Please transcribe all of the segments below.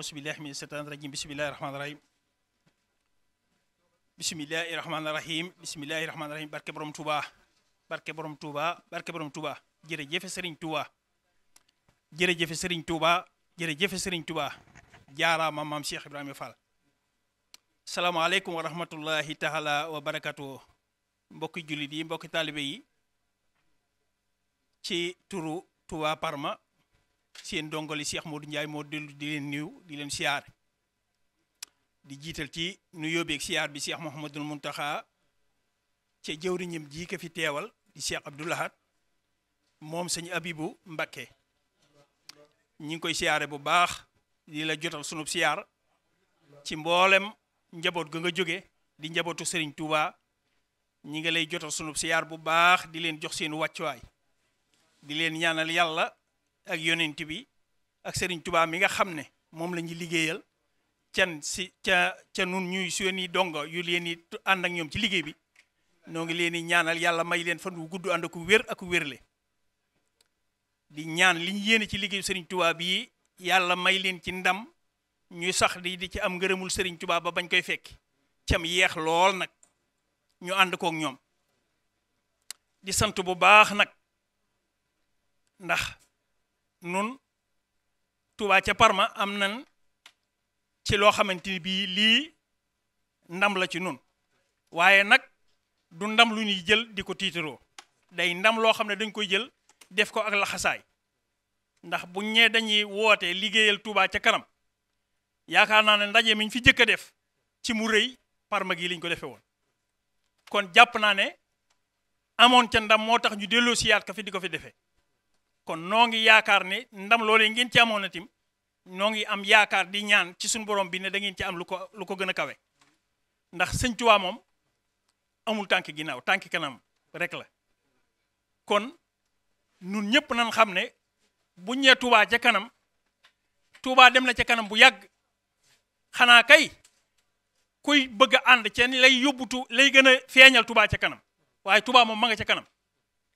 aousubillahi min seytaan rajim bisimillahi rahmaani rahim bisimillahi rahmaani rahim bisimillahi rahmaani rahim barke borom Touba barke borom Touba barke borom Touba jërëjëfe Sëriñ Touba jërëjëfe Sëriñ Touba jërëjëfe Sëriñ Touba jaaraama maam Cheikh Ibrahima Fall salaamaaleykum wa rahmatullahi taala wa mbokki jullit yi mbokki taalibe ci turu Touba Parma seen ndongali Cheikh Modou Ndiaye moo dellu di leen nuyu di leen siyaar di jiital ci nu yóbbeeg siyaar bi Cheikh Mouhamadul Mountakha ca jëwriñam ji ka fi teewal di Cheikh Abdoul moom sëñ Abibu Mbakke ñi ngi koy siyaare bu baax di la jotal sunub siyaar ci mboolem njaboot ga nga jóge di njabootu Serigne Touba ñi ngi lay jotal sunub siyaar bu baax di leen jox seen wàccuwaay di leen ñaanal yàlla ak yonent bi ak sëriñ tubaab mi nga xam ne moom la ñuy liggéeyal can si ca ca nun ñuy suñuy dongo yu leen i ànd ñoom ci liggéey bi noo ngi leen di ñaanal yàlla may leen fan wu gudd ànd ak wér ak wérle di ñaan liñ yéene ci liggéeyu sëriñ tubaab yi yàlla may leen ci ndam ñuy sax di di ci am ngërëmul sëriñ tubaab ba bañ koy fekk cam yeex lool nag ñu ànd kook ñoom di sant bu baax nag ndax nun Touba ca Parma am nan ci loo xamante ni bii lii ndam la ci nun waaye nag du ndam lu ñuy jël di ko tiitaroo day ndam loo xam ne dañ koy jël def ko ak laxasaay ndax bu ñee dañuy wootee liggéeyal Touba ca kanam yaakaar naa ne ndaje miñ fi jëkk a def ci mu rëy Parma gi lañ ko defee woon kon jàpp naa ne amoon ca ndam moo tax ñu delloo siyaat ka fi di ko fi defee kon noo ngi yaakaar ne ndam loole ngeen ci amoon na tim noo ngi am yaakaar di ñaan ci suñu borom bi ne da ngeen ci am lu ko lu ko gën a kawe ndax sëñ Tuubaa moom amul tànk ginnaaw tànk kanam rek la kon nun ñëpp nan xam ne bu ñee Tuubaa ca kanam Tuubaa dem na ca kanam bu yàgg xanaa kay kuy bëgg a ànd ca lay yóbbutu lay gën a feeñal Tuubaa ca kanam waaye Tuubaa moom ma nga ca kanam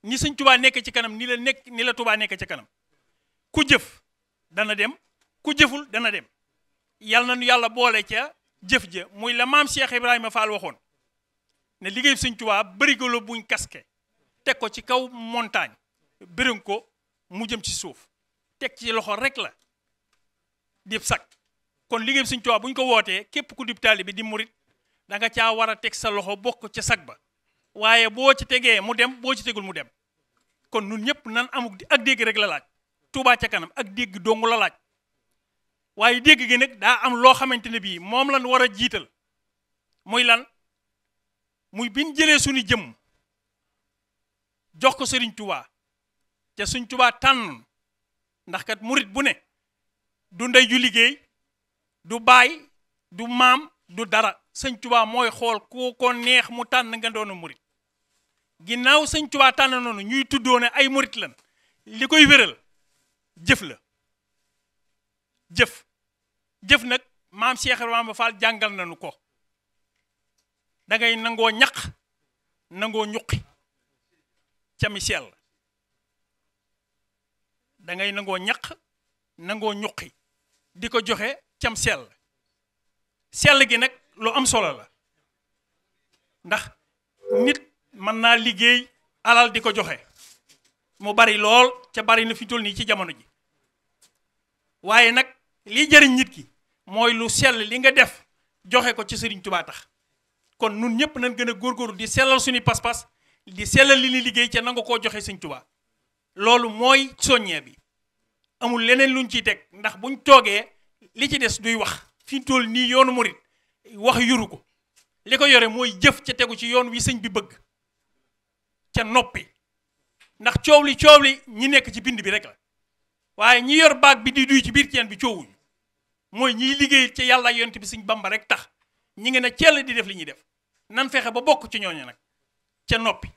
ni sëñ tubaa nekk ci kanam ni la nekk ni la tubaa nekk ci kanam ku jëf dana dem ku jëful dana dem yal na nu yàlla boole ca jëf ja muy la maam Cheikh Ibrahima Fall waxoon ne liggéey sëñ tubaa bërigo la buñ kaske teg ko ci kaw montagne bëriŋ ko mu jëm ci suuf teg ci loxo rek la dib sak kon liggéey suñ tubaa bu ñu ko wootee képp ku dib taali bi di murit da nga caa war a teg sa loxo bokk ca sag ba waaye boo ci tegee mu dem boo ci tegul mu dem kon nun ñëpp nan amuk ak dégg rek la laaj Touba ca kanam ak dégg dongu la laaj waaye dégg gi nag daa am loo xamante ne bii moom lan war a jiital muy lan muy biñ jëlee suñu jëm jox ko sëriñ Touba te suñ Touba tànn ndax kat murit bu ne du ndey ju liggéey du baay du maam du dara sëñ Touba mooy xool ku ko neex mu tànn nga doonu murit ginnaaw sëñ Tuubaa tànn noonu ñuy tuddoon ne ay murit lan li koy wéral jëf la jëf jëf nag maam Cheikh Ibrahima Fall jàngal nañu ko dangay nangoo ñaq nangoo ñuqi ca mi sell dangay nangoo ñaq nangoo ñuqi di ko joxe cam sell sell gi nag lu am solo la ndax nit mën naa liggéey alal di ko joxe mu bari lool ca bari na fi toll nii ci jamono ji waaye nag li jëriñ nit ki mooy lu sell li nga def joxe ko ci Sëriñ Tubaa tax kon nun ñëpp nañ gën a góor góorgóorlu di sellal suñu pas-pas di sellal li ñuy liggéey ca nangu koo joxe Sëriñ Tubaa loolu mooy soññee bi amul leneen luñ ciy teg ndax buñ toogee li ci des duy wax fi toll nii yoonu murit wax yuru ko li ko yore mooy jëf ca tegu ci yoon wi sëñ bi bëgg ca noppi ndax coow li coow li ñi nekk ci bind bi rek la waaye ñi yor baag bi di duy ci biir teen bi coowuñu mooy ñiy liggéey ca yàlla ak bi suñ bamba rek tax ñi ngi ne cell di def li ñuy def nan fexe ba bokk ci ñooñu nag ca noppi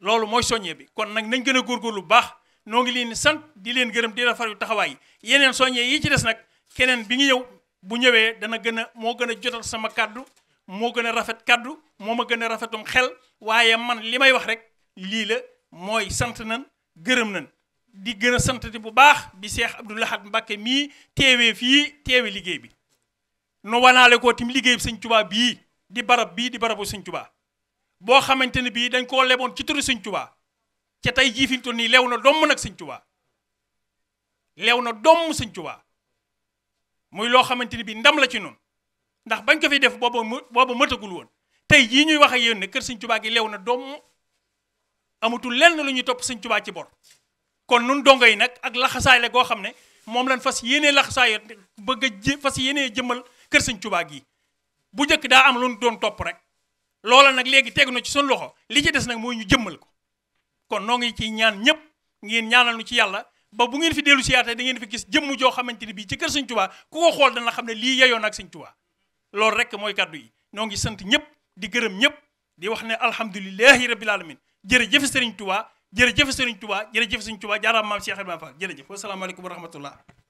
loolu mooy soññee bi kon nag nañ gën a góor lu baax noo ngi leen sant di leen gërëm di la faru taxawaay yi yeneen soññee yi ci des nag keneen bi ngi ñëw bu ñëwee dana gën a moo gën a jotal sama kàddu moo gën a rafet kaddu moo ma gën a rafetum xel waaye man li may wax rek lii la mooy sant nan gërëm nan di gën a sant bu baax bi Cheikh Abdou Lahad Mbacké mii teewee fii teewe liggéey bi nu wanaale koo tim liggéey bi sëñ Tuubaa bii di barab bii di barabu sëñ Tuubaa boo xamante ne bii dañ koo leboon ci turu sëñ Tuubaa ca tey jii fi ñu nii lew na domm nag sëñ Tuubaa lew na domm sëñ Tuubaa muy loo xamante ne bii ndam la ci noonu ndax bañ ko fi def booba booba matagul woon tey jii ñuy wax ak yéen ne kër sëñ Tubaa gi lew na doom amatul lenn lu ñuy topp sëñ Tubaa ci bor kon nun dongo yi nag ak laxasaay la goo xam ne moom lañ fas yéenee laxasaay bëgg a jé fas yéenee jëmmal kër sëñ Tubaa gi bu njëkk daa am lu topp rek loola nag léegi tegu na ci suñu loxo li ci des nag mooy ñu jëmmal ko kon noo ngi ciy ñaan ñëpp ngeen ñaanal ci yàlla ba bu ngeen fi dellu siyaatee da ngeen fi gis jëmm joo xamante ni bii ci kër sëñ Tubaa ku ko xool dana xam ne lii yeyoon ak sëñ Tubaa loolu rek mooy kàddu yi ñoo ngi sant ñëpp di gërëm ñëpp di wax ne alhamdulilahi rabbil alamin jërëjëf jërë Touba jërëjëf Serigne Touba jërëjëf Serigne Touba jaaraam maam Cheikh Ibrahima Fall jërëjëf wasalaamaaleykum wa rahmatullah